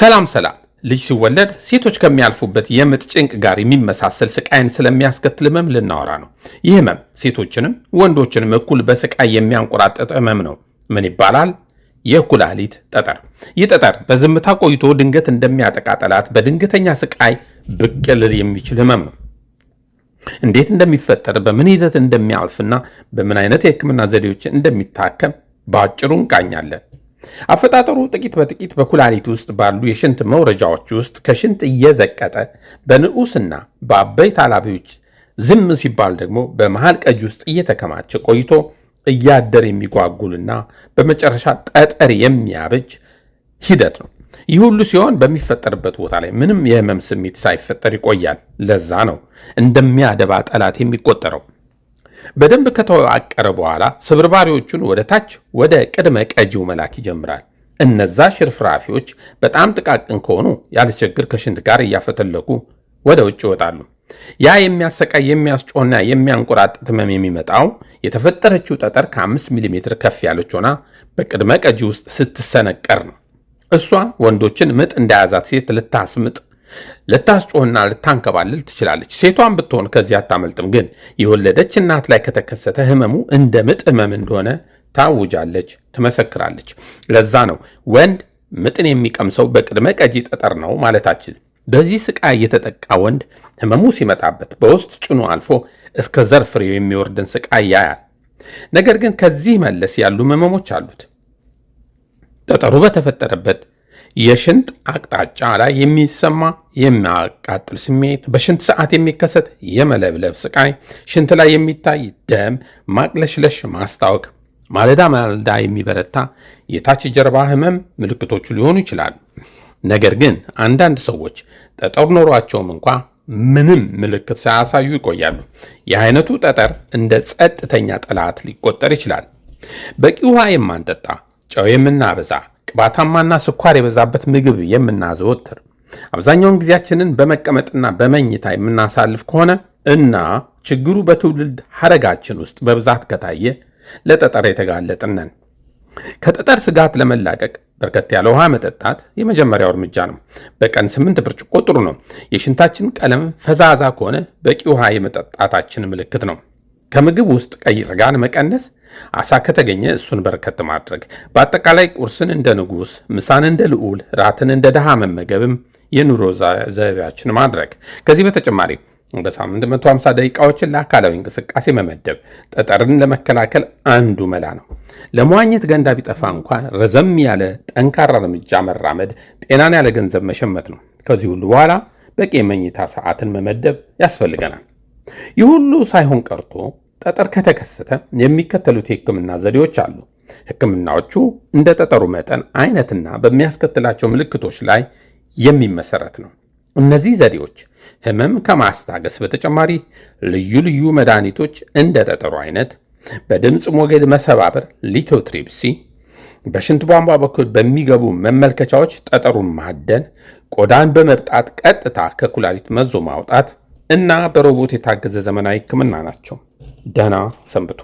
ሰላም ሰላም። ልጅ ሲወለድ ሴቶች ከሚያልፉበት የምጥ ጭንቅ ጋር የሚመሳሰል ስቃይን ስለሚያስከትል ህመም ልናወራ ነው። ይህ ህመም ሴቶችንም ወንዶችንም እኩል በስቃይ የሚያንቆራጠጥ ህመም ነው። ምን ይባላል? የኩላሊት ጠጠር። ይህ ጠጠር በዝምታ ቆይቶ ድንገት እንደሚያጠቃ ጠላት በድንገተኛ ስቃይ ብቅ የሚችል ህመም ነው። እንዴት እንደሚፈጠር በምን ሂደት እንደሚያልፍና በምን አይነት የህክምና ዘዴዎች እንደሚታከም በአጭሩ እንቃኛለን። አፈጣጠሩ ጥቂት በጥቂት በኩላሊት ውስጥ ባሉ የሽንት መውረጃዎች ውስጥ ከሽንት እየዘቀጠ በንዑስና በአበይት አላቢዎች ዝም ሲባል ደግሞ በመሃል ቀጅ ውስጥ እየተከማቸ ቆይቶ እያደር የሚጓጉልና በመጨረሻ ጠጠር የሚያበጅ ሂደት ነው። ይህ ሁሉ ሲሆን በሚፈጠርበት ቦታ ላይ ምንም የህመም ስሜት ሳይፈጠር ይቆያል። ለዛ ነው እንደሚያደባ ጠላት የሚቆጠረው። በደንብ ከተዋቀረ በኋላ ስብርባሪዎቹን ወደ ታች ወደ ቅድመ ቀጂው መላክ ይጀምራል። እነዛ ሽርፍራፊዎች በጣም ጥቃቅን ከሆኑ ያለ ችግር ከሽንት ጋር እያፈተለኩ ወደ ውጭ ይወጣሉ። ያ የሚያሰቃይ የሚያስጮና የሚያንቆራጥጥ ህመም የሚመጣው የተፈጠረችው ጠጠር ከ5 ሚሜ ከፍ ያለች ሆና በቅድመ ቀጂ ውስጥ ስትሰነቀር ነው። እሷ ወንዶችን ምጥ እንደያዛት ሴት ልታስምጥ ልታስጮህና ልታንከባልል ትችላለች። ሴቷን ብትሆን ከዚህ አታመልጥም። ግን የወለደች እናት ላይ ከተከሰተ ህመሙ እንደ ምጥ ህመም እንደሆነ ታውጃለች፣ ትመሰክራለች። ለዛ ነው ወንድ ምጥን የሚቀምሰው በቅድመ ቀጂ ጠጠር ነው ማለታችን። በዚህ ስቃይ የተጠቃ ወንድ ህመሙ ሲመጣበት በውስጥ ጭኑ አልፎ እስከ ዘር ፍሬው የሚወርድን ስቃይ ያያል። ነገር ግን ከዚህ መለስ ያሉ ህመሞች አሉት። ጠጠሩ በተፈጠረበት የሽንት አቅጣጫ ላይ የሚሰማ የሚያቃጥል ስሜት፣ በሽንት ሰዓት የሚከሰት የመለብለብ ስቃይ፣ ሽንት ላይ የሚታይ ደም ማቅለሽለሽ፣ ማስታወክ፣ ማለዳ ማለዳ የሚበረታ የታች ጀርባ ህመም ምልክቶቹ ሊሆኑ ይችላል። ነገር ግን አንዳንድ ሰዎች ጠጠር ኖሯቸውም እንኳ ምንም ምልክት ሳያሳዩ ይቆያሉ። የአይነቱ ጠጠር እንደ ጸጥተኛ ጠላት ሊቆጠር ይችላል። በቂ ውሃ የማንጠጣ፣ ጨው የምናበዛ ቅባታማና ስኳር የበዛበት ምግብ የምናዘወትር አብዛኛውን ጊዜያችንን በመቀመጥና በመኝታ የምናሳልፍ ከሆነ እና ችግሩ በትውልድ ሐረጋችን ውስጥ በብዛት ከታየ ለጠጠር የተጋለጥነን። ከጠጠር ስጋት ለመላቀቅ በርከት ያለ ውሃ መጠጣት የመጀመሪያው እርምጃ ነው። በቀን ስምንት ብርጭቆ ጥሩ ነው። የሽንታችን ቀለም ፈዛዛ ከሆነ በቂ ውሃ የመጠጣታችን ምልክት ነው። ከምግብ ውስጥ ቀይ ስጋን መቀነስ፣ አሳ ከተገኘ እሱን በርከት ማድረግ፣ በአጠቃላይ ቁርስን እንደ ንጉሥ፣ ምሳን እንደ ልዑል፣ ራትን እንደ ድሃ መመገብም የኑሮ ዘይቤያችን ማድረግ። ከዚህ በተጨማሪ በሳምንት 150 ደቂቃዎችን ለአካላዊ እንቅስቃሴ መመደብ ጠጠርን ለመከላከል አንዱ መላ ነው። ለመዋኘት ገንዳ ቢጠፋ እንኳን ረዘም ያለ ጠንካራ እርምጃ መራመድ ጤናን ያለ ገንዘብ መሸመት ነው። ከዚህ ሁሉ በኋላ በቂ የመኝታ ሰዓትን መመደብ ያስፈልገናል። ይህ ሁሉ ሳይሆን ቀርቶ ጠጠር ከተከሰተ የሚከተሉት የህክምና ዘዴዎች አሉ። ህክምናዎቹ እንደ ጠጠሩ መጠን አይነትና በሚያስከትላቸው ምልክቶች ላይ የሚመሰረት ነው። እነዚህ ዘዴዎች ህመም ከማስታገስ በተጨማሪ ልዩ ልዩ መድኃኒቶች እንደ ጠጠሩ አይነት፣ በድምፅ ሞገድ መሰባበር ሊቶትሪፕሲ፣ በሽንት ቧንቧ በኩል በሚገቡ መመልከቻዎች ጠጠሩን ማደን፣ ቆዳን በመብጣት ቀጥታ ከኩላሊት መዞ ማውጣት እና በሮቦት የታገዘ ዘመናዊ ህክምና ናቸው። ደህና ሰንብቱ።